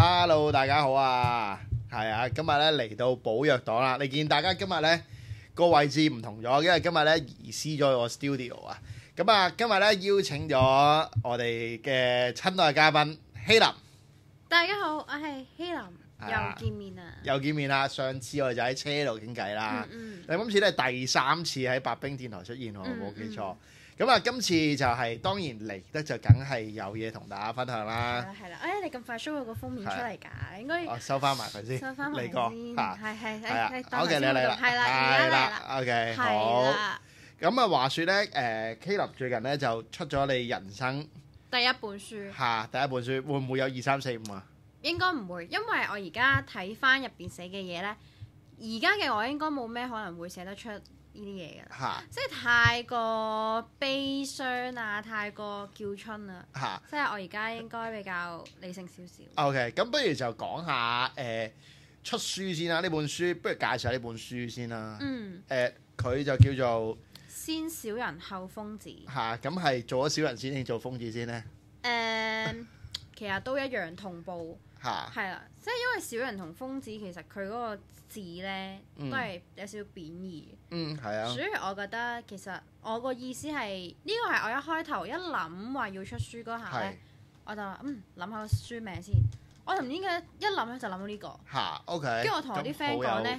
Hello，大家好啊，係啊，今日咧嚟到寶藥黨啦，你見大家今日咧個位置唔同咗，因為今日咧移師咗我 studio 啊。咁、嗯、啊，今日咧邀請咗我哋嘅親愛嘉賓希林。大家好，我係希林，啊、又見面啦，又見面啦。上次我哋就喺車度傾偈啦。嗯嗯，你今次都第三次喺白兵電台出現，我冇記錯。嗯嗯咁啊，今次就係當然嚟得就梗係有嘢同大家分享啦。係啦係啦，誒你咁快 show 個封面出嚟㗎？應該哦，收翻埋佢先，收翻埋佢先嚇。係係係啊，OK 你嚟啦，係啦，而家嚟啦，OK 好。咁啊話説咧，誒 Heilam 最近咧就出咗你人生第一本書吓，第一本書會唔會有二三四五啊？應該唔會，因為我而家睇翻入邊寫嘅嘢咧，而家嘅我應該冇咩可能會寫得出。呢啲嘢噶，啊、即係太過悲傷啊，太過叫春啊，啊即係我而家應該比較理性少少。OK，咁不如就講下誒、呃、出書先啦，呢本書不如介紹下呢本書先啦。嗯，誒、呃，佢就叫做先小人後瘋子。吓、啊，咁係做咗小人先定做瘋子先呢？誒、嗯， 其實都一樣同步。係啦哈，即係因為小人同瘋子其實佢嗰個字咧都係有少少貶義。嗯，係、嗯、啊。所以我覺得其實我個意思係呢、呢個係我一開頭一諗話要出書嗰下咧，是我就嗯諗下個書名先。我頭先嘅一諗咧就諗到呢個。嚇，OK 我跟我。跟住我同我啲 friend 講咧，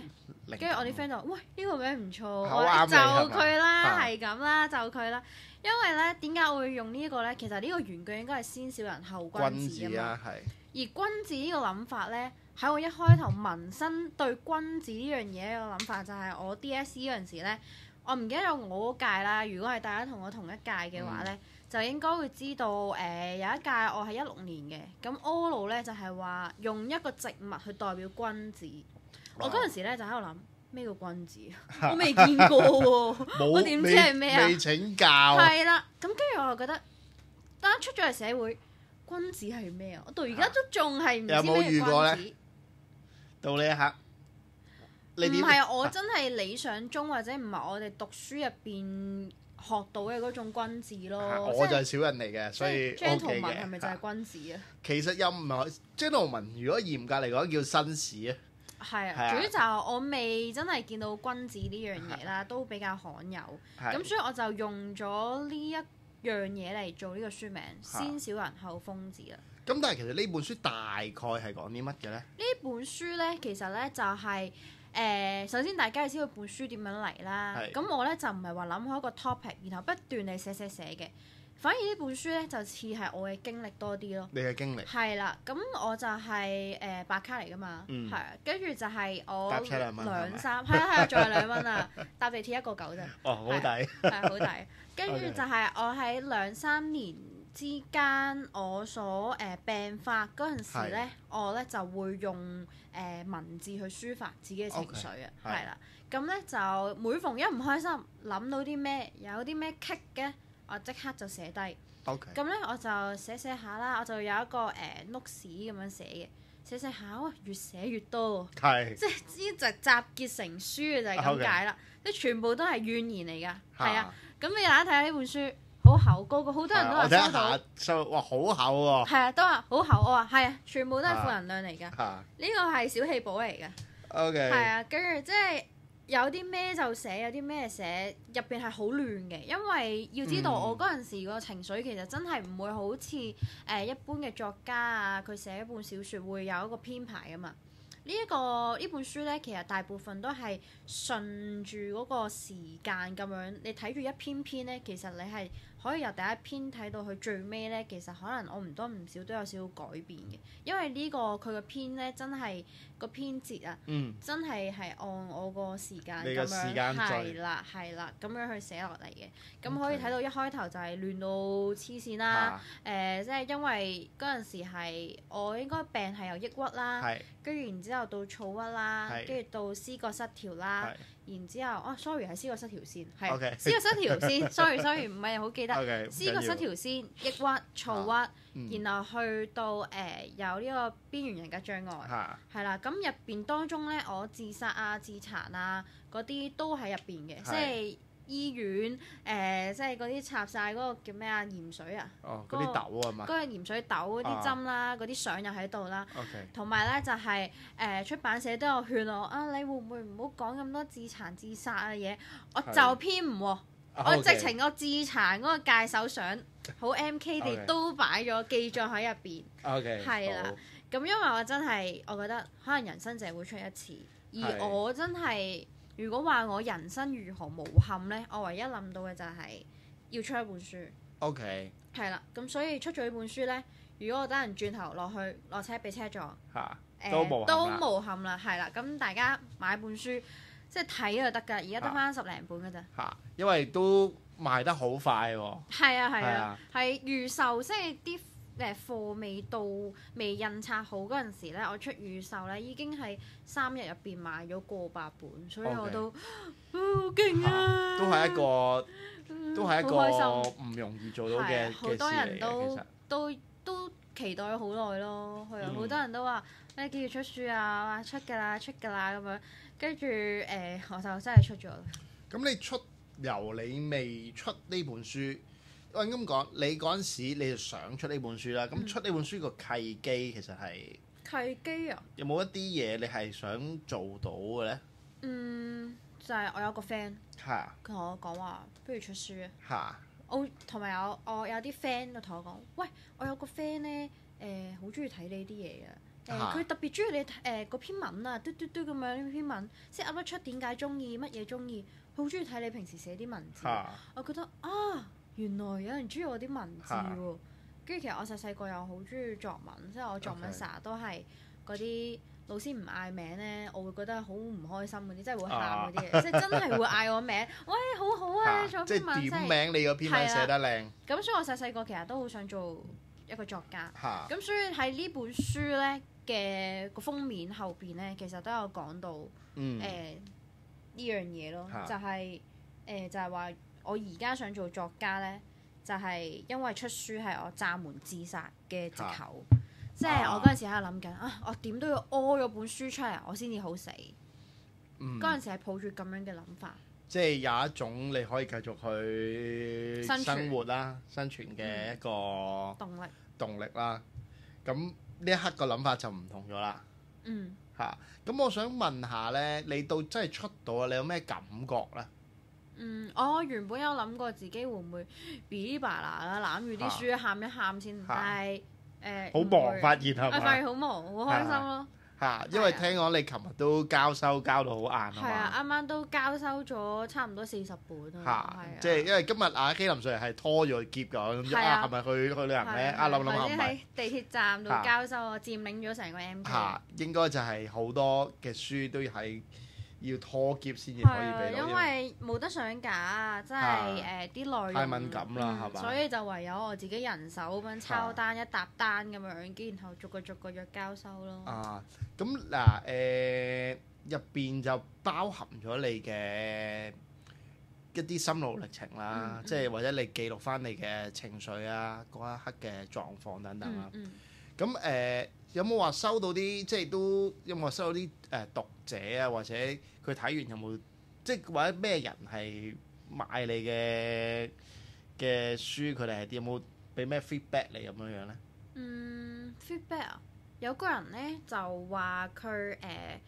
跟住我啲 friend 就話：喂，呢、呢個名唔錯，就佢啦，係咁、啊、啦，就佢啦。因為咧點解我會用呢一個咧？其實呢個原句應該係先小人後君子啊嘛。係。而君子呢個諗法呢，喺我一開頭，萌生對君子、就是、呢樣嘢嘅諗法就係我 DSE 嗰陣時咧，我唔記得有我嗰屆啦。如果係大家同我同一屆嘅話呢，嗯、就應該會知道誒、呃、有一屆我係一六年嘅。咁 Olu 咧就係、是、話用一個植物去代表君子。Wow. 我嗰陣時咧就喺度諗咩叫君子？ 我未見過喎， 沒 我點知係咩啊？未請教。係啦，咁跟住我就覺得，當一出咗嚟社會。君子係咩啊？我到而家都仲係唔知咩君、啊、子。到呢一刻，唔係我真係理想中或者唔係我哋讀書入邊學到嘅嗰種君子咯。啊、我就係小人嚟嘅，所以，Gentleman 係咪就係、啊、君子啊？其實又唔係，Gentleman 如果嚴格嚟講叫紳士啊。係啊，主要就我未真係見到君子呢樣嘢啦，都比較罕有。咁、啊啊、所以我就用咗呢一樣嘢嚟做呢個書名，先小人後瘋子啦。咁、啊、但係其實呢本書大概係講啲乜嘅咧？呢本書咧其實咧就係、是、誒、呃，首先大家要知道本書點樣嚟啦。咁的我咧就唔係話諗開一個 topic，然後不斷嚟寫寫寫嘅。反而呢本書咧就似係我嘅經歷多啲咯。你嘅經歷？係啦，咁我就係誒白卡嚟噶嘛，係啊，跟住就係我兩三係啊係啊，仲有兩蚊啊，搭地鐵一個九啫。哦，好抵，係好抵。跟住就係我喺兩三年之間，我所誒病發嗰陣時咧，我咧就會用誒文字去抒發自己嘅情緒啊。係啦，咁咧就每逢一唔開心，諗到啲咩，有啲咩棘嘅。我即刻就寫低，咁咧 Okay. 我就寫寫下啦，我就有一個誒、呃、note 咁樣寫嘅，寫寫下，哇、哦，越寫越多，是即係依集集結成書就係咁解啦，Okay. 即全部都係怨言嚟噶，係啊，咁、啊、你大家睇下呢本書，好厚高，個好多人都話、啊、收到，好厚喎、哦，係啊，都話好厚、哦，我話係啊，全部都係負能量嚟噶，呢個係小氣寶嚟噶，係啊，跟住即係。有啲咩就寫，有啲咩寫，入邊係好亂嘅。因為要知道，嗯、我嗰陣時個情緒其實真係唔會好似誒一般嘅作家啊，佢寫一本小説會有一個編排㗎嘛。呢、這、一個呢本書呢，其實大部分都係順住嗰個時間咁樣，你睇住一篇篇呢，其實你係。可以由第一篇睇到佢最尾咧，其實可能我唔多唔少都有少少改變嘅，因為、這個、呢個佢嘅篇咧真係個編節啊，嗯、真係係按我個時間咁樣，係啦係啦咁樣去寫落嚟嘅，咁可以睇到一開頭就係亂到黐線啦，誒、啊呃、即係因為嗰陣時係我應該病係有抑鬱啦，跟住是然之後到躁鬱啦，跟住是到思覺失調啦。然之後，哦、啊、sorry，係思覺失調先，係思覺失調先，sorry，sorry，唔係好記得，思覺失調先，抑鬱、躁鬱，啊嗯、然後去到誒、呃、有呢個邊緣人格障礙，係、啊、啦，咁入邊當中咧，我自殺啊、自殘啊嗰啲都喺入邊嘅，是即係。醫院誒，即係嗰啲插晒嗰個叫咩啊鹽水啊，嗰啲、oh，那個、豆啊嘛，嗰個鹽水豆嗰啲針啦，嗰啲、oh，相又喺度啦，同埋咧就係、是、誒、呃、出版社都有勸我啊，你會唔會唔好講咁多自殘自殺嘅嘢？我就偏唔，是我直情我自殘嗰個戒手相好 M K 哋都擺咗記帳喺入邊，係 Okay. 啦，咁因為我真係我覺得可能人生就會出一次，而我真係。如果話我人生如何無憾呢？我唯一諗到嘅就係要出一本書。O Okay . K。係啦，咁所以出咗呢本書呢，如果我等人轉頭落去落車俾車撞，哈呃、都無憾啦。都無憾啦。係啦，咁大家買本書即係睇就得㗎，而家得返十零本㗎咋。嚇！因為都賣得好快喎、哦。係啊係啊，係預、啊啊啊、售即係啲。誒貨未到未印刷好嗰陣時咧，我出預售咧已經係三日入邊買咗過百本，所以我都 Okay. 好勁啊，啊！都係一個都係一個唔容易做到嘅好、嗯、多人嘅，都都期待咗好耐咯。係啊、嗯，好多人都話咩幾時出書啊？話出㗎啦，出㗎啦咁樣。跟住誒，我就真係出咗。咁你出由你未出呢本書？喂，咁講、嗯，你嗰陣時你係想出呢本書啦。咁出呢本書個契機其實係契機啊！有冇一啲嘢你係想做到嘅咧？嗯，就係、是、我有個 friend，係啊，佢同我講話，不如出書啊。吓？我同埋有我有啲 friend 就同我講，喂，我有個 friend 咧，誒、呃，好中意睇你啲嘢啊。誒、呃，佢特別中意你誒嗰、呃、篇文啊，嘟嘟嘟咁樣呢篇文，即係噏得出點解中意乜嘢中意，好中意睇你平時寫啲文字。啊、我覺得啊～原來有人中意我啲文字喎，跟住其實我細細個又好中意作文，即係我作文成日都係嗰啲老師唔嗌名咧，我會覺得好唔開心嗰啲，即係會喊嗰啲嘢，即係真係會嗌我名。喂，好好啊，作文真係點名你嗰篇文寫得靚。咁所以我細細個其實都好想做一個作家。咁所以喺呢本書咧嘅個封面後邊咧，其實都有講到誒呢樣嘢咯，就係誒就係話。我而家想做作家呢，就係、是、因為出書係我炸門自殺嘅借口，啊、即係我嗰陣時喺度諗緊啊，我點都要屙咗本書出嚟，我先至好死。嗰陣、嗯、時係抱住咁樣嘅諗法，即係有一種你可以繼續去生活啦，生存嘅一個動力、嗯、動力動力啦。咁呢一刻個諗法就唔同咗啦。嗯，吓、啊，咁我想問下呢，你到真係出到，你有咩感覺呢？嗯，我原本有諗過自己會唔會 b e e l 攬住啲書喊一喊先，但係誒好忙發現係嘛？發好忙，好開心咯！嚇，因為聽講你琴日都交收交到好晏，啊嘛！係啊，啱啱都交收咗差唔多四十本啊，係啊！即係因為今日阿 Heilam Sir 係拖咗去喼㗎，咁啊係咪去去旅行咧？阿林林係咪？喺地鐵站度交收啊，佔領咗成個 M 區。嚇，應該就係好多嘅書都要喺。要妥協先至可以俾的，因為冇得上架，即係誒啲內容太敏感啦，係嘛？嗯？吧所以就唯有我自己人手咁樣抄單的一揼單咁樣，然後逐個逐個約交收咯。啊，咁嗱誒，入、呃、邊就包含咗你嘅一啲心路歷程啦，嗯嗯、即係或者你記錄翻你嘅情緒啊，嗰一刻嘅狀況等等啦。咁誒、嗯。嗯有冇話收到啲，即係都有冇收到啲誒、呃、讀者啊，或者佢睇完有冇，即係或者咩人係買你嘅嘅書，佢哋係啲有冇俾咩 feedback 你咁樣樣咧？嗯，feedback 啊，有個人咧就話佢誒。呃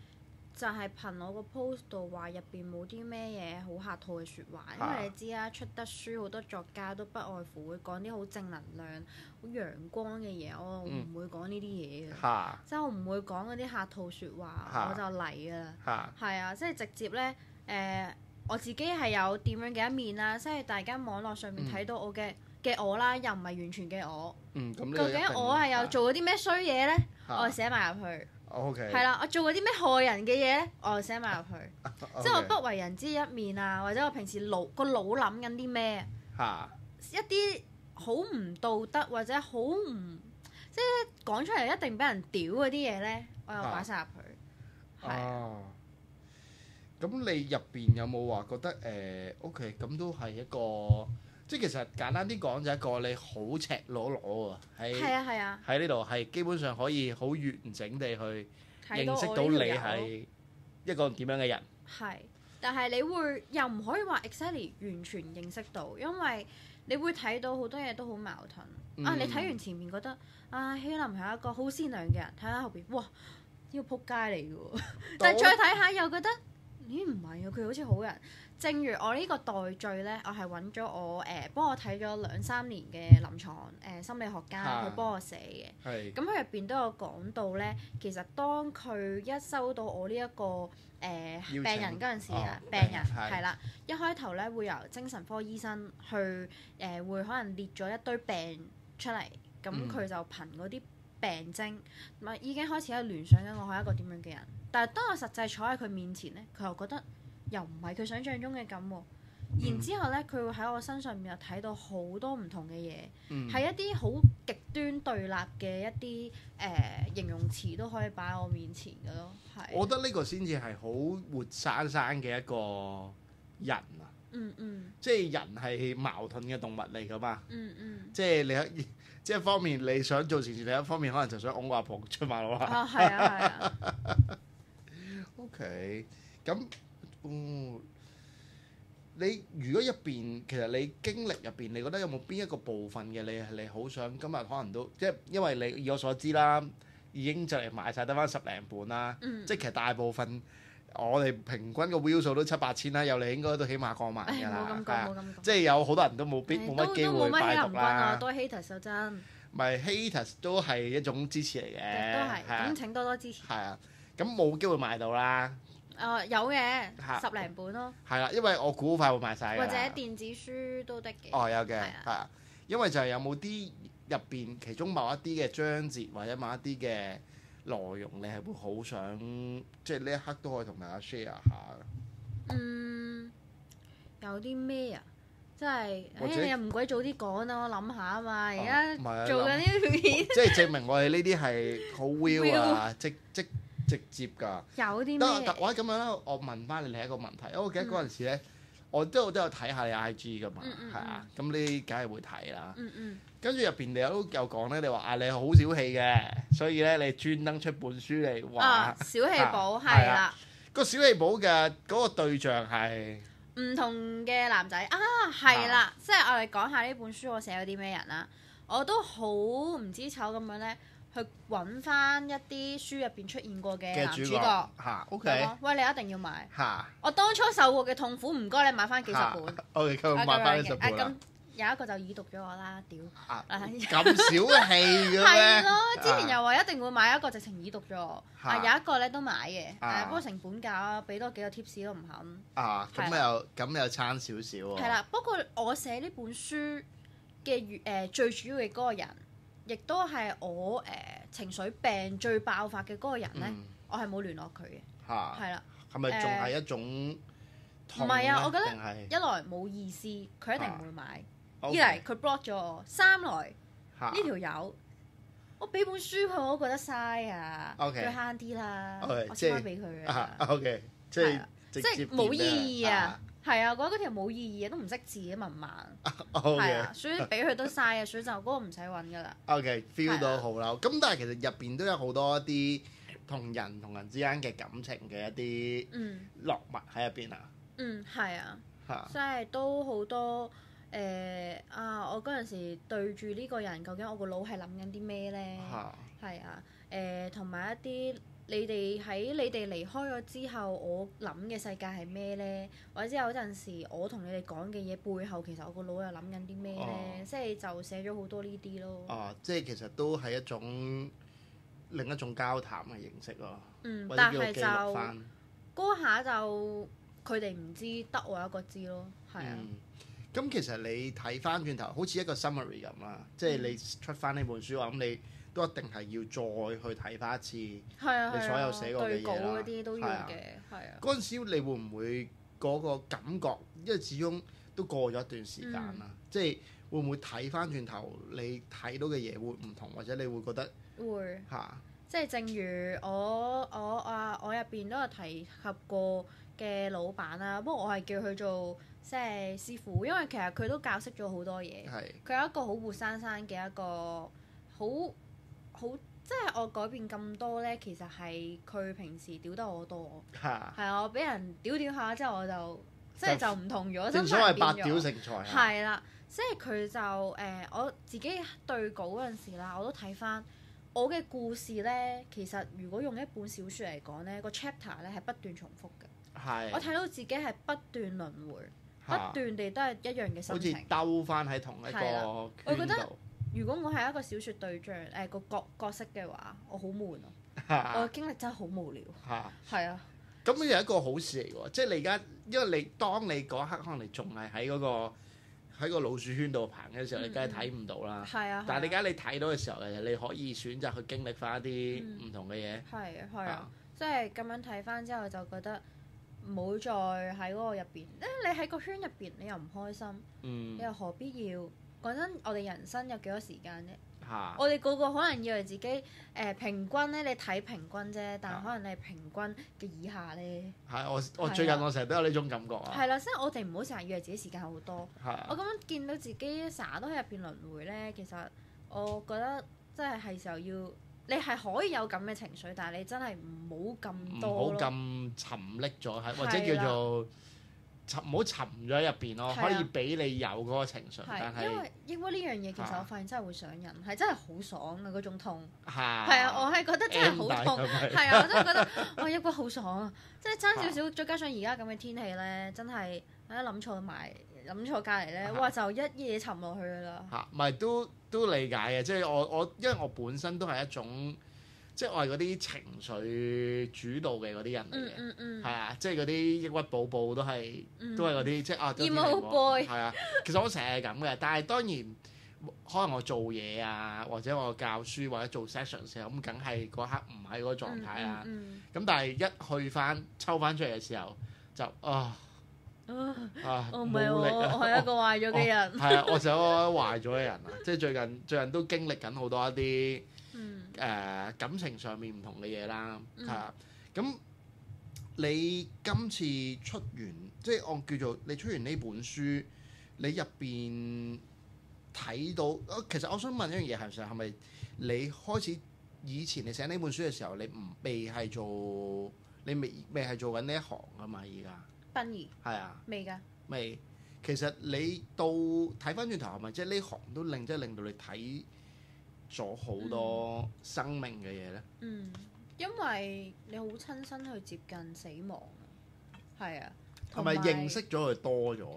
就係憑我個 post 度話入邊冇啲咩嘢好客套嘅説話，因為你知啦、啊，出得書好多作家都不外乎會講啲好正能量、好陽光嘅嘢，我唔會講呢啲嘢嘅，即係我唔會講嗰啲客套説話，我就嚟噶啦，係啊，即係直接咧，誒、呃、我自己係有點樣嘅一面啦，即係大家網絡上面睇到我嘅嘅、嗯、我啦，又唔係完全嘅我，嗯嗯、究竟我係有做咗啲咩衰嘢咧，哈我寫埋入去。係啦 Okay.，我做過啲咩害人嘅嘢，我又寫埋入去，Okay. 即係我不為人知一面啊，或者我平時腦個腦諗緊啲咩，嚇哈一啲好唔道德或者好唔即係講出嚟一定俾人屌嗰啲嘢咧，我又擺晒入去。係咁哈的、啊、你入邊有冇話覺得誒、呃、OK，咁都係一個？即係其實簡單啲講就一個你好赤裸裸喎。喺係啊，係啊，喺呢度係基本上可以好完整地去睇到認識到你係一個點樣嘅人。係，但係你會又唔可以話 exactly 完全認識到，因為你會睇到好多嘢都好矛盾。嗯、啊，你睇完前面覺得啊，希林係一個好善良嘅人，睇下後邊哇，要撲街嚟嘅喎， 但係再睇下又覺得。咦唔係啊，佢好似好人。正如我呢個代罪咧，我係揾咗我誒、呃、幫我睇咗兩三年嘅臨床誒、呃、心理學家，佢、啊、幫我寫嘅。係是。咁佢入邊都有講到咧，其實當佢一收到我呢、這、一個誒、呃、請病人嗰陣時啊，哦、病人係人是啦，一開頭咧會由精神科醫生去誒、呃、會可能列咗一堆病出嚟，咁佢就憑嗰啲病徵，咪、嗯、已經開始喺度聯想緊我係一個點樣嘅人。但係當我實際坐喺佢面前咧，佢又覺得又唔係佢想象中嘅咁。嗯、然之後咧，佢會喺我身上面又睇到好多唔同嘅嘢，係、嗯、一啲好極端對立嘅一啲誒、呃、形容詞都可以擺我面前嘅咯。係。我覺得呢個先至係好活生生嘅一個人啊！嗯嗯，即係人係矛盾嘅動物嚟噶嘛？嗯嗯，即係你一即係一方面你想做善事，另一方面可能就想㧬個阿婆出馬路啦。啊，係啊，係啊。 OK，咁、嗯，你如果入邊，其實你經歷入邊，你覺得有冇邊一個部分嘅你，你好想今日可能都，即係因為你以我所知啦，已經就嚟賣晒得翻十零本啦。嗯、即係其實大部分我哋平均個 view 數都七八千啦，有你應該都起碼過萬㗎啦。咁、啊、即係有好多人都冇，冇乜、嗯、機會拜讀啦。多 hater 就真。咪 hater 都係一種支持嚟嘅，都係。咁請多多支持。係啊。咁冇機會買到啦。誒、呃，有嘅、啊、十零本咯、啊。係啦、嗯，因為我估快會賣晒。或者電子書都得嘅。哦，有嘅，係啊的，因為就係有冇啲入邊其中某一啲嘅章節或者某一啲嘅內容你，你係會好想即係呢一刻都可以同大家 share 下。嗯，有啲咩、哎、啊？即係唉，你又唔鬼早啲講啊！我諗下啊嘛，而家做緊啲片，即係證明我哋呢啲係好 will 啊！即、就是啊、 即。即即即直接㗎，有啲咩？得特我咁樣啦，我問翻你另一個問題。我記得嗰陣時咧、嗯，我都我都有睇下你的 IG 㗎嘛，係、嗯嗯、啊，咁你梗係會睇啦。嗯嗯。嗯跟住入邊你都又講咧，你話啊你好小氣嘅，所以咧你專登出本書嚟話、啊、小氣寶係啦。個小氣寶嘅嗰個對象係唔同嘅男仔啊，係啦、啊，即係、啊啊、我哋講下呢本書我寫咗啲咩人啦、啊。我都好唔知醜咁樣咧。去揾翻一啲書入邊出現過嘅主角，嚇，O K。喂你一定要買，嚇。我當初受過嘅痛苦，唔該你買翻幾十本。我哋今日買翻幾十本啦。咁有一個就已讀咗我啦，屌。咁小氣嘅咩？係咯，之前又話一定會買一個，直情已讀咗我啊，有一個咧都買嘅，不過成本價啊，俾多幾個 tips 都唔肯。啊，咁又咁又差少少。係啦，不過我寫呢本書嘅月誒最主要嘅嗰個人，亦都係我誒情緒病最爆發嘅嗰個人咧，我係冇聯絡佢嘅，係啦，係咪仲係一種？唔係啊，我覺得一來冇意思，佢一定唔會買；二嚟佢 block 咗我；三來呢條友，我俾本書佢，我都覺得嘥啊，O K，慳啲啦，我 send 俾佢嘅，O K，即係即係冇意義啊。係啊，覺得嗰條冇意義嘅，都唔識字嘅文盲，係 Okay. 啊，所以俾佢都晒 Okay, feel 啊，水就嗰個唔使揾噶啦。O K，feel 到好啦。咁但係其實入邊都有好多一啲同人同人之間嘅感情嘅一啲、嗯、落物喺入邊啊。嗯，係啊。嚇、啊，所以都好多誒、呃、啊！我嗰陣時對住呢個人，究竟我個腦係諗緊啲咩咧？係啊，誒、啊，同、呃、埋一啲。你哋喺你哋離開咗之後，我諗嘅世界係咩呢？或者有陣時我，我同你哋講嘅嘢背後，其實我個腦又諗緊啲咩呢？哦、即係就寫咗好多呢啲咯。哦，即係其實都係一種另一種交談嘅形式咯。嗯、但係就嗰下就佢哋唔知，得我一個知咯。係啊。咁、嗯、其實你睇翻轉頭，好似一個 summary 咁啦，嗯、即係你出翻呢本書話咁你。都一定係要再去睇翻一次，你所有寫過嘅嘢、啊啊、稿嗰啲都要嘅，係啊。嗰陣、啊啊、時你會唔會嗰個感覺？因為始終都過咗一段時間啦，嗯、即係會唔會睇翻轉頭你睇到嘅嘢會唔同，或者你會覺得會嚇？啊、即係正如我我啊我入邊都有提及過嘅老闆啦，不過我係叫佢做即係師傅，因為其實佢都教識咗好多嘢。係佢是有一個好活生生嘅一個好。好，即係我改變咁多咧，其實係佢平時屌得我多，係啊，啊，我俾人屌屌下之後我就，就即係就唔同咗，真係變咗。百屌成才、啊。係啦、啊，即係佢就誒、呃、我自己對稿嗰陣時啦，我都睇翻我嘅故事咧。其實如果用一本小説嚟講咧，個 chapter 咧係不斷重複嘅。係是。我睇到自己係不斷輪迴，啊、不斷地都係一樣嘅心情。好似兜翻喺同一個、啊、我覺得。如果我係一個小説對象，誒、欸、個角角色嘅話，我好悶啊。哈哈我經歷真係好無聊，係哈啊。咁呢又係一個好事嚟喎，即係你而家，因為你當你嗰刻可能你仲係喺嗰個喺個老鼠圈度行嘅時候，你梗係睇唔到啦。係啊、嗯。但係你而家你睇到嘅時候，你可以選擇去經歷翻一啲唔同嘅嘢。係、嗯、啊，係啊，即係咁樣睇翻之後就覺得唔好再喺嗰個入邊。因為，你喺個圈入邊，你又唔開心，嗯、 你又何必要？講真，我哋人生有幾多時間啫？啊、我哋個個可能以為自己誒、呃、平均咧，你睇平均啫，但可能你係平均嘅以下咧。係、啊、我我最近我成日都有呢種感覺啊。係啦、啊，所以、啊、我哋唔好成日以為自己時間好多。啊、我咁樣見到自己成日都喺入邊輪迴咧，其實我覺得即係係時候要，你係可以有咁嘅情緒，但係你真係唔好咁多，唔好咁沉溺咗，係或者叫做。唔好沉咗喺入邊咯，啊、可以俾你有嗰個情緒。係、啊、但係因為抑鬱呢樣嘢，其實我發現真係會上癮，係、啊、真係好爽啊！嗰種痛係啊，啊，我係覺得真係好痛，係 of 啊，我都覺得哇，抑鬱好爽啊！即係爭少少，再加上而家咁嘅天氣咧，真係我一諗錯埋，諗錯隔離咧，啊、哇就一夜沉落去噶啦。嚇、啊，唔係都都理解嘅，即、就、係、是、我我因為我本身都係一種。即係我係嗰啲情緒主導嘅嗰啲人嚟嘅，係啊、 嗯嗯，即係嗰啲抑鬱暴暴都係，都係嗰啲即係啊，都係啊， 嗯嗯、其實我成日係咁嘅，但係當然可能我做嘢啊，或者我教書或者做 Session 時候咁，梗係嗰刻唔喺嗰個狀態啦、啊。咁但係一去翻抽翻出嚟嘅時候就啊啊啊，冇力啊！力 我係一個壞咗嘅人。係 啊、哦，我成日一壞咗嘅人啊！即係最近最近都經歷緊好多一啲。嗯、誒，感情上面唔同嘅嘢啦，係啊，嗯，咁你今次出完，即係我叫做你出完呢本書，你入邊睇到，其實我想問一樣嘢，係實係咪你開始以前你寫呢本書嘅時候，你唔被係做，你未未係做緊呢一行㗎嘛？而家殯儀係啊，未㗎嘅，未。其實你到睇翻轉頭係咪即係呢行都令，即係令到你睇。咗好多生命嘅嘢咧，嗯，因為你好親身去接近死亡，係啊，同埋認識咗佢多咗。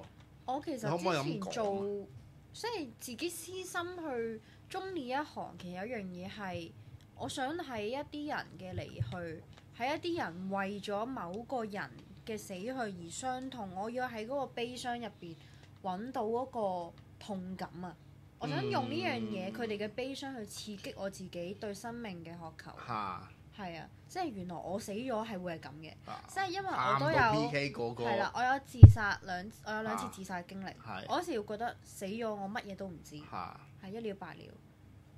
我其實之前做，即係自己私心去鍾意一行，其實有一樣嘢係我想喺一啲人嘅離去，喺一啲人為咗某個人嘅死去而傷痛，我要喺嗰個悲傷入邊揾到嗰個痛感啊！我想用呢樣嘢，佢哋嘅悲傷去刺激我自己對生命嘅渴求。嚇、啊！係啊，即係原來我死咗係會係咁嘅，啊、即係因為我都有。暗係啦，我有自殺兩，我有兩次自殺嘅經歷。啊、我嗰時會覺得死咗，我乜嘢都唔知，係一了百了。誒、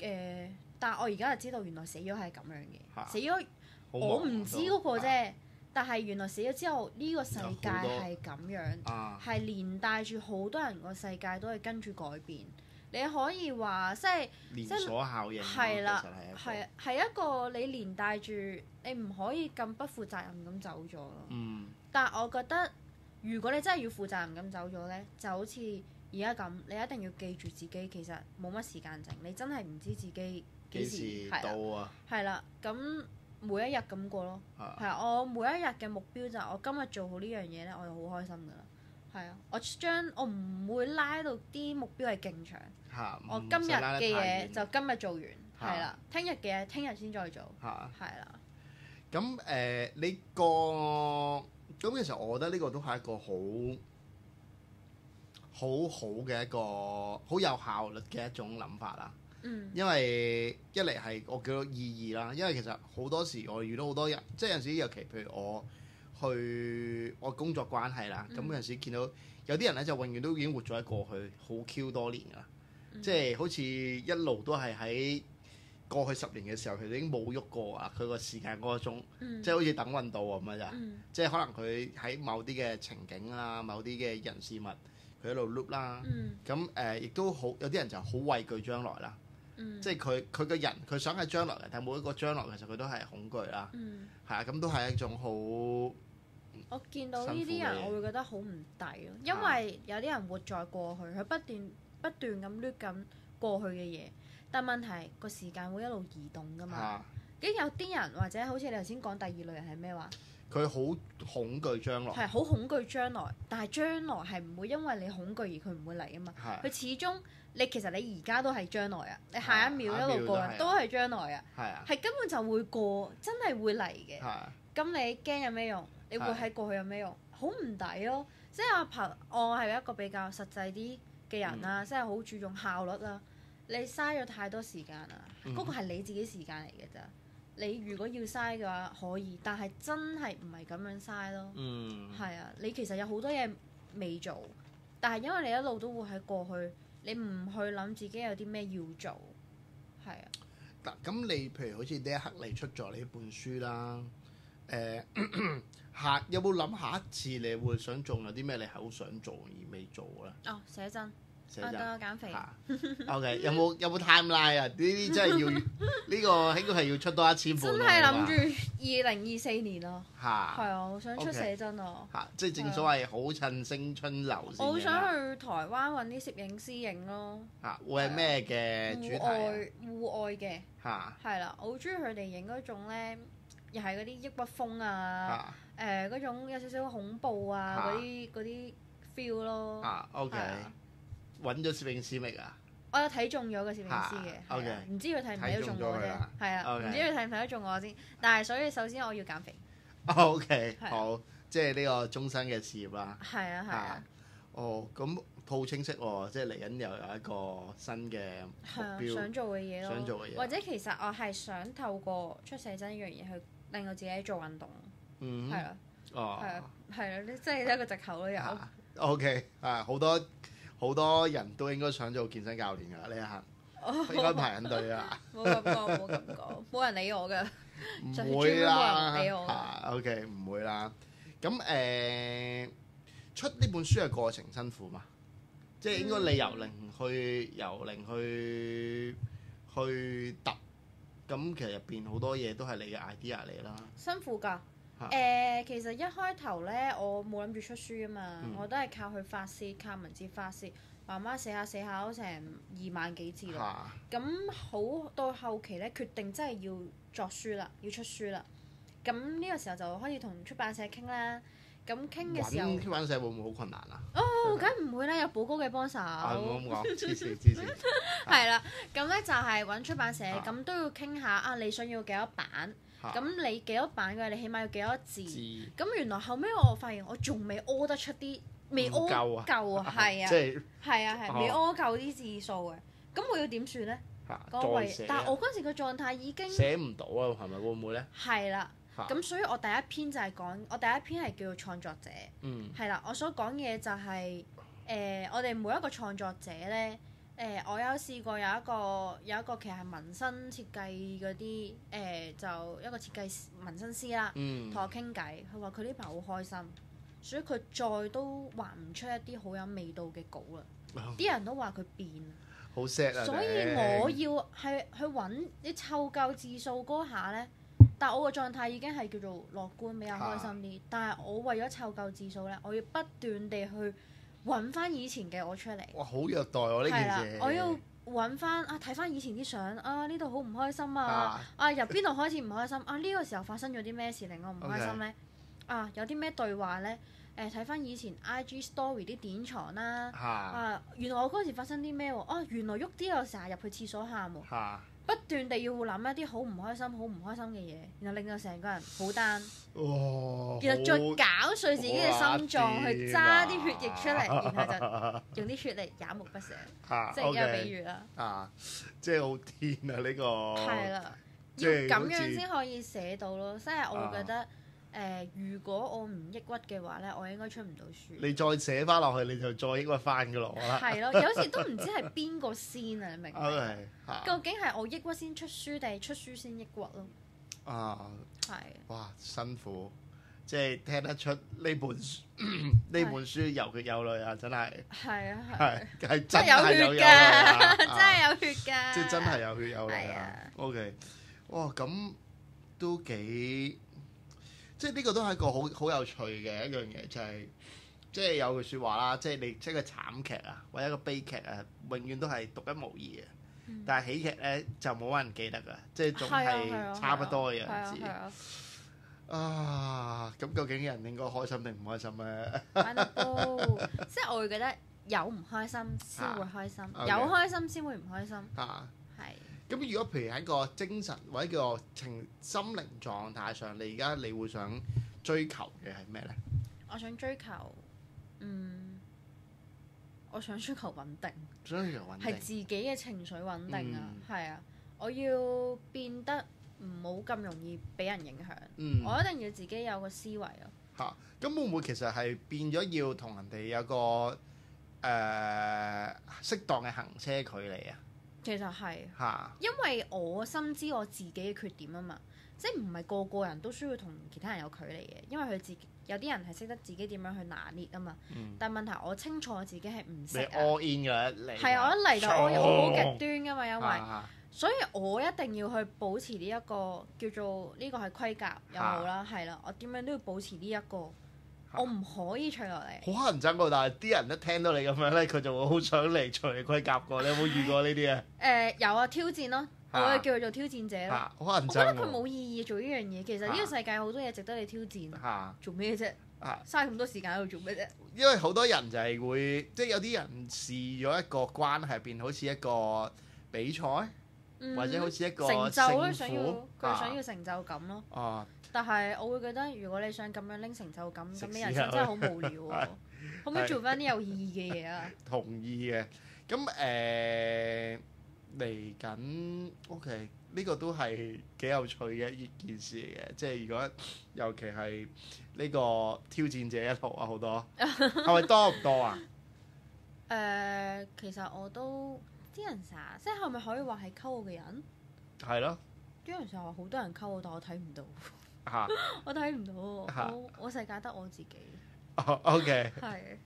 呃！但係我而家就知道，原來死咗係咁樣嘅。死咗。我唔知嗰個啫，啊、但係原來死咗之後，呢、呢個世界係咁樣，係、啊、連帶住好多人個世界都係跟住改變。你可以話即係，連鎖效應，係啦，係係的一,一個你連帶住你唔可以咁不負責任咁走咗咯。嗯，但係我覺得如果你真係要負責任咁走咗呢，就好似而家咁，你一定要記住自己其實冇乜時間剩，你真係唔知自己幾時，時到啊。係啦，咁每一日咁過咯。係啊，我每一日嘅目標就係我今日做好呢樣嘢呢，我就好開心㗎啦。係啊，我將我唔會拉到啲目標係勁長。啊、我今日嘅嘢就今日做完，係啦、啊。聽日嘅嘢聽日先再做，係啦、啊。咁誒了，呢、呃呢個咁其實我覺得呢個都係一個好好好嘅一個好有效率嘅一種諗法啦。嗯。因為一嚟係我叫做意義啦，因為其實好多時我遇到好多人，即係有時尤其譬如我。去我工作關係啦，咁嗰陣時見到有啲人咧就永遠都已經活咗喺過去，好 Q 多年噶啦，即係、嗯、好似一路都係喺過去十年嘅時候，佢已經冇喐過啊！佢個時間嗰個即係、嗯、好似等運道咁咋，即係、嗯、可能佢喺某啲嘅情景啊、某啲嘅人事物，佢喺度碌 o o 啦。咁誒亦都好，有啲人就好畏懼將來啦。即係佢佢個人，佢想係將來但係每一個將來其實佢都係恐懼啦。係啊、嗯，咁、嗯、都係一種好。我見到呢啲人，我會覺得好唔抵咯，啊、因為有啲人活在過去，佢不斷不斷咁捋緊過去嘅嘢。但問題個時間會一路移動噶嘛？咁、啊、有啲人或者好似你頭先講第二類人係咩話？佢好恐懼將來，係好恐懼將來。但係將來係唔會因為你恐懼而佢唔會嚟噶嘛？佢、啊、始終你其實你而家都係將來啊！你下一秒、啊、一路過、啊，都係將來啊！係根本就會過，真係會嚟嘅。咁、啊、你驚有咩用？你會喺過去有咩用？好唔抵咯！即係阿朋，我係一個比較實際啲嘅人啦、啊，嗯、即係好注重效率啦、啊。你嘥咗太多時間啦、啊，嗰、嗯、個係你自己時間嚟嘅咋。你如果要嘥嘅話，可以，但係真係唔係咁樣嘥咯。嗯。係啊，你其實有好多嘢未做，但係因為你一路都會喺過去，你唔去諗自己有啲咩要做，係啊。嗱，咁你譬如好似呢一刻你出咗呢本書啦。誒下有冇諗下一次你會想做有啲咩？你係好想做而未做啦。哦，寫真，等我減肥。O K，有冇有冇 time line 啊？呢啲真係要，呢個應該係要出多一千部。真係諗住二零二四年咯。嚇！係啊，我想出寫真咯。嚇！即係正所謂好趁青春流。我好想去台灣揾啲攝影師影咯。嚇！會係咩嘅主題？戶外，戶外嘅。嚇！係啦，我好中意佢哋影嗰種咧。又係嗰啲抑鬱風啊，誒嗰種有少少恐怖啊嗰啲啲 feel 咯。啊，OK，揾咗攝影師未啊？我睇中咗個攝影師嘅，唔知佢睇唔睇得中我啫。係啊，唔知佢睇唔睇得中我先。但係所以首先我要減肥。OK，好，即係呢個終身嘅事業啦。係啊，係啊。哦，咁套清晰喎，即係嚟緊又有一個新嘅目標想做嘅嘢咯，想做嘅嘢。或者其實我係想透過出寫真呢樣嘢去。令我自己做運動，係啦，係啊，係啦，即係、就是、一個借口都有。O K，啊，好多好多人都應該想做健身教練噶，呢一刻應該排緊隊啊。冇咁講，冇咁講，冇人理我噶。唔會啦， 人理我。O K，唔會啦。咁誒，uh, 出呢本書嘅過程辛苦嘛？Mm hmm. 即係應該你由零去由零去去咁其實入邊好多嘢都係你嘅 idea 嚟啦。辛苦㗎。誒、啊呃，其實一開頭咧，我冇諗住出書㗎嘛，嗯、我都係靠去發泄，靠文字發泄，慢慢寫下寫下，都成二萬幾字啦。咁、啊、好到後期咧，決定真係要作書啦，要出書啦。咁呢個時候就開始同出版社傾啦。咁傾嘅時候，揾出版社會唔會好困難啊？哦，梗唔會啦，有寶哥嘅幫手。啊，咁講支持支持。係啦，咁咧就係揾出版社，咁都要傾下啊，你想要幾多版？咁你幾多版嘅你起碼要幾多字？字咁原來後尾我發現我仲未屙得出啲，未屙夠啊，夠啊，係啊，係啊，係未屙夠啲字數嘅，咁我要點算咧？再寫。但係我嗰陣時嘅狀態已經寫唔到啊，係咪會唔會咧？係啦。咁所以，我第一篇就係講，我第一篇係叫做創作者，係啦、嗯。我所講嘅嘢就係、是，誒、呃，我哋每一個創作者咧，誒、呃，我有試過有一個有一個其實係紋身設計嗰啲，誒、呃，就一個設計師紋身師啦，同、嗯、我傾偈，佢話佢呢排好開心，所以佢再都畫唔出一啲好有味道嘅稿啦。啲、哦、人都話佢變，好 sad 啊！所以我要係、嗯、去揾，要湊夠字數嗰下咧。但我個狀態已經係叫做樂觀，比較開心啲。啊、但係我為咗湊夠字數咧，我要不斷地去揾翻以前嘅我出嚟。哇！好虐待我、啊、呢件事。係啦，我要揾翻啊，睇翻以前啲相啊，呢度好唔開心啊啊，由邊度開始唔開心啊？呢個時候發生咗啲咩事令我唔開心咧 Okay.、啊？啊，有啲咩對話咧？誒，睇翻以前 IG Story 啲典藏啦啊，啊，啊，原來我嗰時發生啲咩喎？哦、啊，原來喐啲我成日入去廁所喊喎。啊啊。不斷地要諗一啲好唔開心、好唔開心嘅嘢，然後令到成個人好 down。哇！其實再搞碎自己嘅心臟，啊、去揸啲血液出嚟，啊、然後就用啲血嚟咬目不捨。啊、即係一個比喻啦。啊，即係好癲啊！呢、這個係啦，要咁 了樣先可以寫到咯。所以我覺得。啊誒、呃，如果我唔抑鬱嘅話咧，我應該出唔到書。你再寫翻落去，你就再抑鬱翻嘅咯。係咯的， 有時都唔知係邊個先啊！你明唔明？Okay，究竟係我抑鬱先出書定係出書先抑鬱咯？啊，係的。哇，辛苦！即係聽得出呢本書呢 本書有血有淚啊，真係。係 啊，係。係真係有血㗎，真係有血㗎。即係真係有血有淚啊的！OK，哇，咁都幾～即係呢個都係一個好好有趣嘅一樣嘢，就係、是、即係有句説話啦，即係你即係個慘劇啊，或者一個悲劇啊，永遠都係獨一無二嘅。嗯、但係喜劇咧就冇乜人記得㗎，即係仲係差不多嘅樣子。啊，咁、啊啊啊啊啊、究竟人應該開心定唔開心咧、啊？即係我會覺得有唔開心先會開心，啊 okay、有開心先會唔開心。啊，係。咁如果譬如喺個精神或者個情心靈狀態上，你而家你會想追求嘅係咩呢？我想追求，嗯，我想追求穩定，追求穩定，係自己嘅情緒穩定啊，係啊、嗯，我要變得唔好咁容易俾人影響，嗯、我一定要自己有個思維啊。嚇，咁會唔會其實係變咗要同人哋有個誒、呃、適當嘅行車距離啊？其實係，因為我深知我自己嘅缺點啊嘛，即係唔係個個人都需要同其他人有距離嘅，因為佢自己，有啲人係識得自己點樣去拿捏啊嘛。嗯、但係問題我清楚我自己係唔識我嘅一嚟係啊，啊，我一嚟就我有好極端噶嘛，因為、啊啊、所以我一定要去保持呢、這、一個叫做呢個係規格有冇啦，係啦、啊啊，我點樣都要保持呢、這、一個。我唔可以除落嚟。好乞人憎喎，但係啲人一聽到你咁樣咧，佢就會好想嚟除盔甲喎。你有冇遇過呢啲啊？誒、呃、有啊，挑戰咯，我係、啊、叫佢做挑戰者咯。好乞人憎。我覺得佢冇意義做呢樣嘢。其實呢個世界好多嘢值得你挑戰。嚇、啊！做咩啫？嚇！嘥咁多時間喺度做咩啫？因為好多人就係會，即、就、係、是、有啲人試咗一個關係入邊，好似一個比賽。或者好似一個成就，佢負想要，佢想要成就感咯。啊、但係我會覺得，如果你想咁樣拎成就感，咁你、啊、人生真係好無聊。 可唔可以做翻啲有意義嘅嘢啊？ 同意嘅，咁誒嚟緊。OK，呢個都係幾有趣嘅一件事嚟嘅，即係如果尤其係呢個挑戰者一套啊，好多係咪 多唔多啊？誒、呃，其實我都。啲人曬，即係係咪可以話係溝我嘅人？係咯的。啲人成日話好多人溝我，但我睇唔到。嚇、啊！ 我睇唔到、啊我。我世界得我自己。哦，OK。係 是。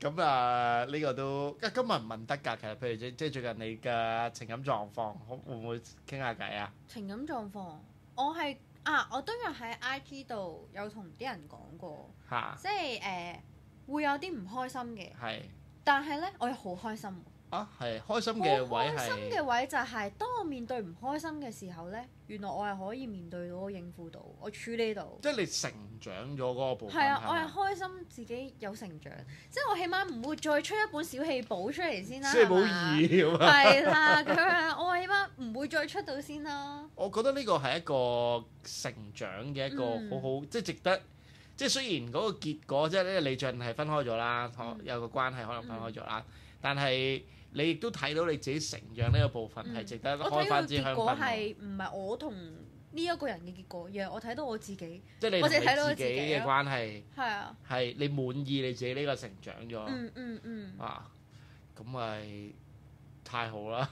咁 啊，呢、這個都、啊、今日唔問得㗎。其實，譬如即即最近你嘅情感狀況，會唔會傾下偈啊？情感狀況，我係啊，我都有喺 IG 度有同啲人講過。嚇、啊！即係誒、呃，會有啲唔開心嘅。係的。但係咧，我又好開心。啊，係開心嘅位係。開心嘅位，心位就係當我面對唔開心嘅時候咧，原來我係可以面對到、我應付到、我處理到。即係你成長咗嗰個部分。係啊的，的我係開心自己有成長， 即係我起碼唔會再出一本小氣寶出嚟先啦，係咪啊？係啦，咁樣的 我係起碼唔會再出到先啦、啊。我覺得呢個係一個成長嘅一個好好，嗯、即係值得。即係雖然嗰個結果即係咧，李俊係分開咗啦，嗯、有個關係可能分開咗啦。嗯但係你亦都睇到你自己成長呢個部分係值得開花結香果、嗯。我睇到嘅結果係唔係我同呢一個人嘅結果，而係我睇到我自己。即係你同自己嘅關係。係啊。係你滿意你自己呢個成長咗、嗯。嗯嗯嗯。啊，咁咪太好啦！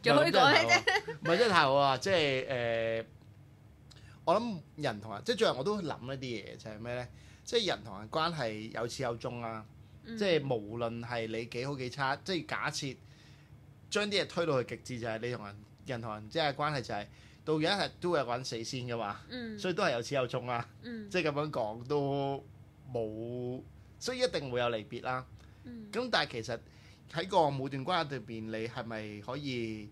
仲 可以講啫？唔係真係太好啊！即係誒，我諗人同人即係、就是、最後我都諗一啲嘢就係咩咧？即、就、係、是、人同人關係有始有終啦、啊。即係無論係你幾好幾差，即係假設將啲嘢推到去極致，就係、是、你同人、任何人之間嘅關係、就是，就係到而家係都係揾死先㗎嘛。嗯。所以都係有始有終啦、啊。嗯。即係咁樣講都冇，所以一定會有離別啦。嗯。咁但係其實喺個每段關係入邊，你係咪可以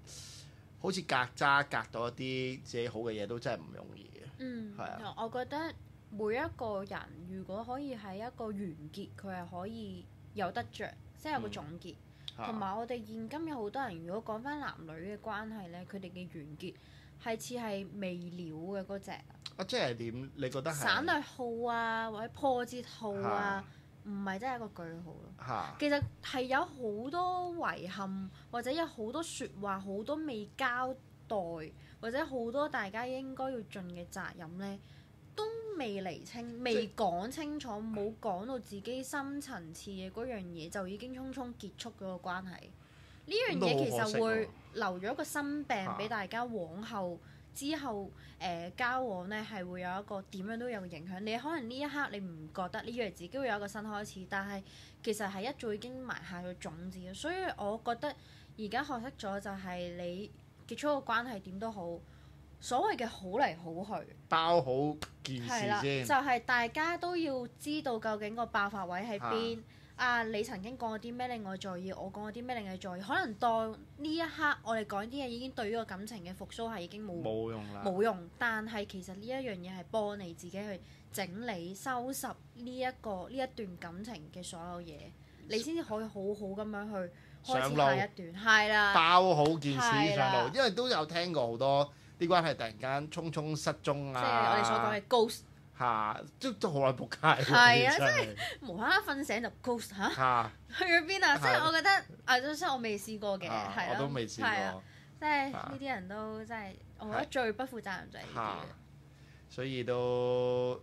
好似隔渣隔到一啲自己好嘅嘢，都真係唔容易嘅。嗯。係啊。我覺得。每一個人如果可以喺一個完結，佢係可以有得着，即係有個總結。同埋、嗯、我哋現今有好多人，如果講翻男女嘅關係呢，佢哋嘅完結係似係未了嘅嗰隻。啊，即係點？你覺得係省略號啊，或者破折號啊，唔係、啊、真係一個句號咯。啊、其實係有好多遺憾，或者有好多説話，好多未交代，或者好多大家應該要盡嘅責任呢。都未釐清，未講清楚，冇講，即係到自己深層次嘅嗰樣嘢，就已經匆匆結束嗰個關係。呢樣嘢其實會留咗一個心病俾大家，往後之後誒、呃、交往咧，係會有一個點樣都有影響。你可能呢一刻你唔覺得呢樣自己會有一個新開始，但係其實係一早已經埋下個種子。所以我覺得而家學識咗就係你結束個關係點都好。所謂嘅好嚟好去，包好件事先，係啦，就係大家都要知道究竟個爆發位喺邊。啊，啊，你曾經講過啲咩令我在意，我講過啲咩令你在意。可能當呢一刻我哋講啲嘢已經對於呢個感情嘅復甦係已經冇冇用啦，冇用。但係其實呢一樣嘢係幫你自己去整理、收拾呢一個呢一段感情嘅所有嘢，你先至可以好好咁樣去開始下一段，係路啦，包好件事啦，因為都有聽過好多。啲關係突然間匆匆失蹤啊！即係我哋所講嘅 ghost 嚇，都都好耐冇見。係啊，真係無啦啦瞓醒就 ghost 嚇，去咗邊啊！即係我覺得啊，總之我未試過嘅，我都未試過，係啊，即係呢啲人都真係，我覺得最不負責任就係呢啲。所以都，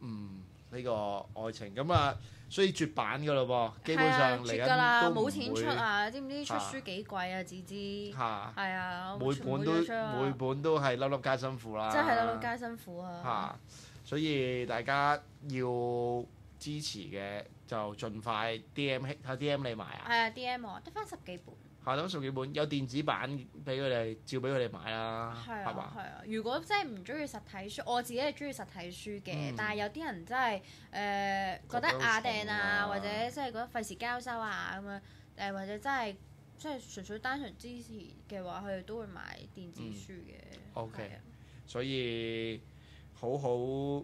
嗯，呢個愛情咁啊～所以絕版嘅嘞噃，基本上嚟緊都冇錢出啊！知唔知出書幾貴啊？至知，係啊，啊啊每本都出出、啊、每本都係粒粒皆辛苦啦，真係粒粒皆辛苦啊！嚇、啊，所以大家要支持嘅就盡快 D M 睇 D M 你買啊，係啊，D M 我得翻十幾本。買咗數幾本，啊、有電子版俾佢哋，照俾佢哋買啦，係嘛、啊？係吧啊。如果真係唔中意實體書，我自己係中意實體書嘅，嗯、但係有啲人真係誒、呃、它 覺得亞訂啊，啊，或啊、呃，或者即係覺得費事交收啊咁樣，誒或者真係即係純粹單純支持嘅話，佢哋都會買電子書嘅。嗯、o、okay，K，、啊、所以好好呢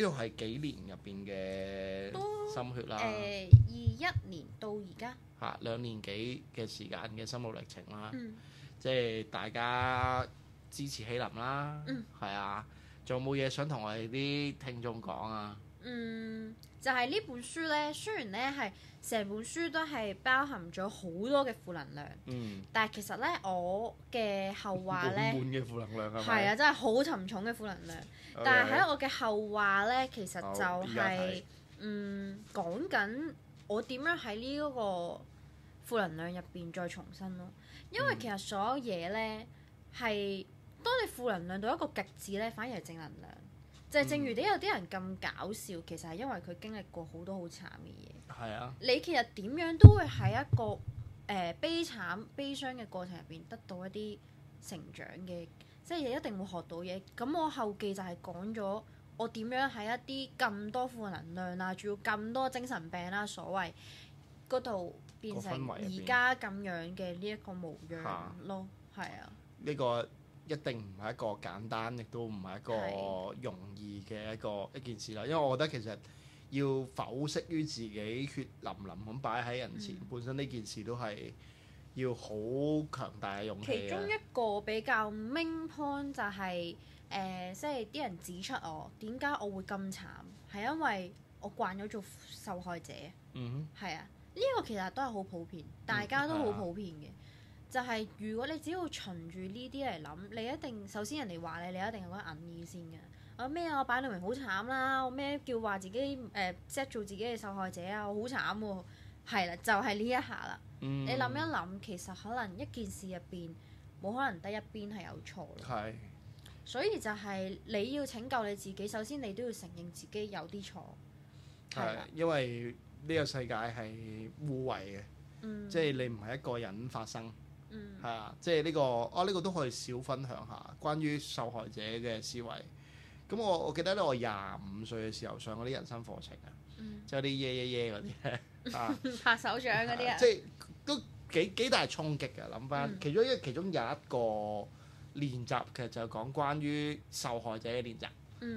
度係幾年入邊嘅心血啦。誒，二、呃、一年到而家。嚇兩年幾嘅時間嘅心路歷程啦，嗯、即係大家支持希林啦，係、嗯、啊，仲有冇嘢想同我哋啲聽眾講啊？嗯，就係、是、呢本書咧，雖然咧係成本書都係包含咗好多嘅負能量，嗯，但係其實咧我嘅後話咧，滿滿嘅負能量係咪？係啊，真係好沉重嘅負能量。哎哎哎，但係喺我嘅後話咧，其實就係、是、嗯，講緊。我點樣喺呢個負能量入邊再重生咯？因為其實所有嘢呢，係當你負能量到一個極致呢，反而係正能量。就係、正如你有啲人咁搞笑，其實係因為佢經歷過好多好慘嘅嘢。係啊。你其實點樣都會喺一個誒、呃、悲慘悲傷嘅過程入邊得到一啲成長嘅，即、就、係、係、一定會學到嘢。咁我後記就係講咗。我點樣喺一啲咁多負能量啦、啊，仲要咁多精神病啦、啊，所謂嗰度變成而家咁樣嘅呢一個模樣咯，係啊，呢、啊、個一定唔係一個簡單，亦都唔係一個容易嘅一個一件事啦。的因為我覺得其實要剖析於自己血淋淋咁擺喺人前，嗯、本身呢件事都係要好強大嘅勇氣。其中一個比較 main point 就係、是。誒，即係啲人指出我點解我會咁慘，係因為我慣咗做受害者。嗯哼。係啊，呢、這、一個其實都係好普遍，大家都好普遍嘅。嗯啊、就係如果你只要循住呢啲嚟諗，你一定首先人哋話你，你一定有個銀意先嘅、啊。我咩啊？我擺到明好慘啦！我咩叫話自己誒 set 做自己嘅、呃、受害者啊？我好慘喎、啊。係啦、啊，就係、是、呢一下啦。嗯、你諗一諗，其實可能一件事入邊，冇可能得一邊係有錯。係。所以就係你要拯救你自己，首先你都要承認自己有啲錯。係的，的因為呢個世界係互惠嘅，嗯、即係你唔係一個人發生。係、嗯這個、啊，即係呢個，哦呢個都可以少分享下關於受害者嘅思維。咁我我記得咧，我廿五歲嘅時候上嗰啲人生課程啊， 啊，即係啲耶耶耶嗰啲拍手掌嗰啲啊，即係都幾幾大衝擊嘅。諗翻、嗯、其中一其中有一個。練習其實就係講關於受害者嘅練習，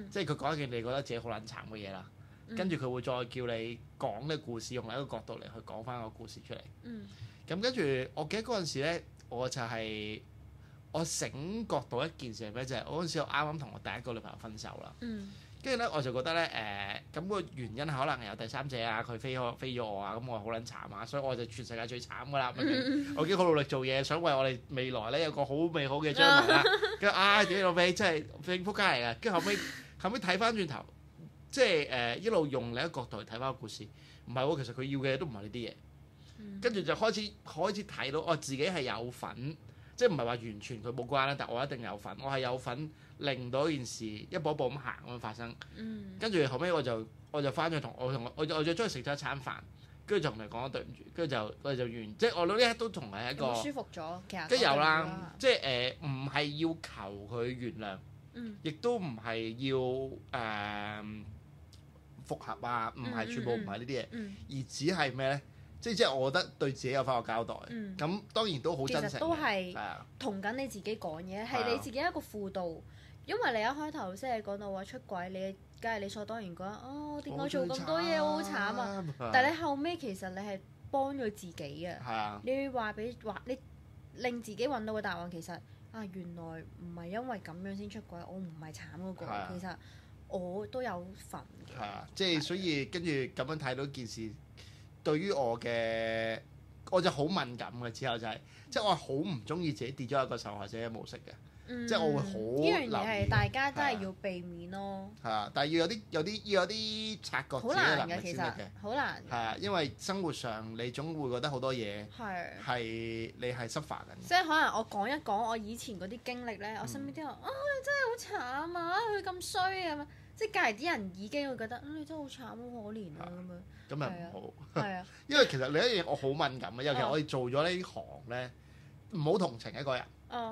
即係佢講一件你覺得自己好撚慘嘅嘢啦，跟住佢會再叫你講呢個故事，用另一個角度嚟去講翻個故事出嚟。咁跟住我記得嗰陣時咧，我就係我醒覺到一件事係咩？就係我嗰陣時我啱啱同我第一個女朋友分手啦。嗯跟住咧，我就覺得咧，誒、呃、咁、那個原因可能係有第三者啊，佢飛開飛咗我啊，咁我好撚慘啊，所以我就全世界最慘噶啦！ 我已經好努力做嘢，想為我哋未來咧有個好美好嘅將來啦。跟住 啊屌你老味，真係幸福家嚟噶！跟住後尾後尾睇翻轉頭，即係誒、呃、一路用另一角度嚟睇翻個故事，唔係喎，其實佢要嘅都唔係呢啲嘢。跟住就開始開始睇到我自己係有份，即係唔係話完全佢冇關啦，但我一定有份，我係有份。令到件事一步一步咁行咁樣發生，跟住、嗯、後尾我就我就翻咗同我同我我我再出去食咗一餐飯，跟住就同佢講對唔住，跟住就我哋就完，即係我到呢一刻都同係一個舒服咗，即係有啦，即係誒唔係要求佢原諒，亦、嗯、都唔係要誒、呃、復合啊，唔係全部唔係呢啲嘢，嗯嗯嗯、而只係咩咧？即係即係我覺得對自己有返個交代，咁、嗯、當然都好真實，都係同緊你自己講嘢，係你自己一個輔導。嗯因為你一開頭先係講到話出軌，你梗係理所當然講哦，點解做咁多嘢好慘啊！慘，但係你後尾其實你係幫咗自己嘅，啊、你話俾話你令自己揾到嘅答案其實啊，原來唔係因為咁樣先出軌，我唔係慘嗰、嗰個，啊、其實我都有份。係啊，即、就、係、係、所以跟住咁樣睇到件事，對於我嘅我就好敏感嘅，之後就係即係我好唔中意自己跌咗一個受害者嘅模式嘅。嗯、即係我會好，呢樣嘢係大家都係要避免咯。係啊，但係要有啲有啲要有啲察覺，好難嘅其實，好難。係啊，因為生活上你總會覺得好多嘢係、啊、你係 suffer 緊。即係可能我講一講我以前嗰啲經歷咧，我身邊啲人啊真係好慘啊，佢咁衰啊，即係隔離啲人已經會覺得你真係好慘好可憐啊咁、啊、樣。咁咪唔好。係啊，因為其實你一樣我好敏感 啊。尤其我哋做咗呢行咧，唔好同情一個人。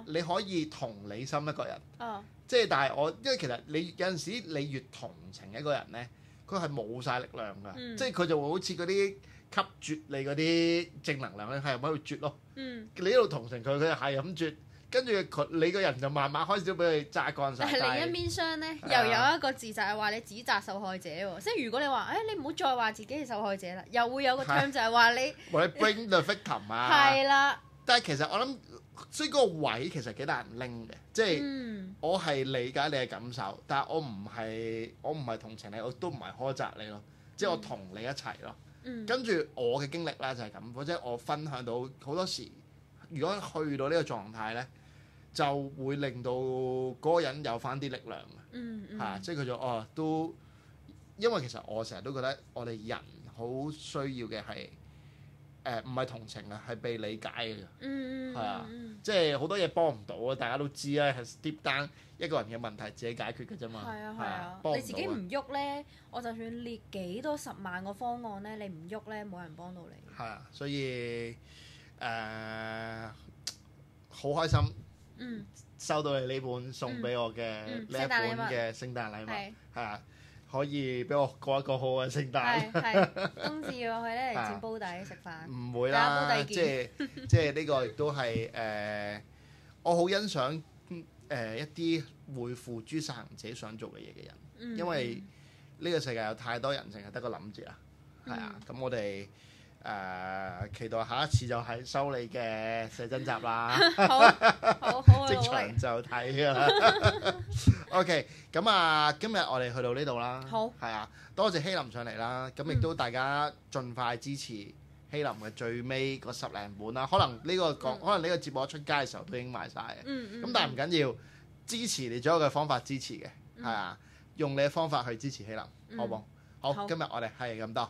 你可以同理心一個人，哦、即係但係我，因為其實你有陣時你越同情一個人呢，佢係冇晒力量㗎，嗯、即係佢就會好似嗰啲吸絕你嗰啲正能量，佢係咪喺度絕咯？嗯、你一路同情佢，佢係咁絕，跟住佢你個人就慢慢開始俾佢榨乾晒。另一邊廂呢，是又有一個字就係話你指責受害者喎、啊，即係如果你話，誒你唔好再話自己係受害者啦，又會有個 term 就係話你。我的 bring the victim 啊。係啦。 但係其實我諗。所以嗰個位其實幾難拎嘅，即係我係理解你嘅感受，嗯、但係我唔係我唔係同情你，我都唔係苛責你咯，即係我同你一齊咯。跟住、嗯、我嘅經歷咧就係咁，或者、嗯、我分享到好多時，如果去到呢個狀態呢，就會令到嗰個人有翻啲力量嘅，嚇、嗯嗯啊，即係佢就哦都，因為其實我成日都覺得我哋人好需要嘅係。誒唔係同情啊，係被理解嘅。嗯嗯。係啊。即係好多嘢幫唔到啊！大家都知啦、啊，係 deep down 一個人嘅問題，自己解決嘅啫嘛。係啊係啊。幫唔到人。你自己唔喐咧，我就算列幾多十萬個方案咧，你唔喐咧，冇人幫到你。係啊，所以誒，好、呃、開心嗯。嗯。收到你呢本送俾我嘅呢一本嘅聖誕禮物，係啊。可以俾我過一個好嘅聖誕， 今次要我去咧嚟煮煲底食飯，唔、 啊、會啦，啊、即係是 即係呢個亦都係誒，我好欣賞誒、呃、一啲會付諸實行自己想做嘅嘢嘅人，嗯嗯，因為呢個世界有太多人淨係得個諗住啊，係、嗯、啊，咁、嗯嗯、我哋。誒，期待下一次就係收你嘅《寫真集》啦。好，好好啊，即場就睇啊。OK，咁啊，今日我哋去到呢度啦。好，係啊，多謝希林上嚟啦。咁亦都大家盡快支持希林嘅最尾個十零本啦。可能呢個講，可能呢個節目出街嘅時候都已經賣晒嘅。嗯咁但係唔緊要，支持你所有嘅方法支持嘅，係啊，用你嘅方法去支持希林，好冇？好？好，今日我哋係咁多。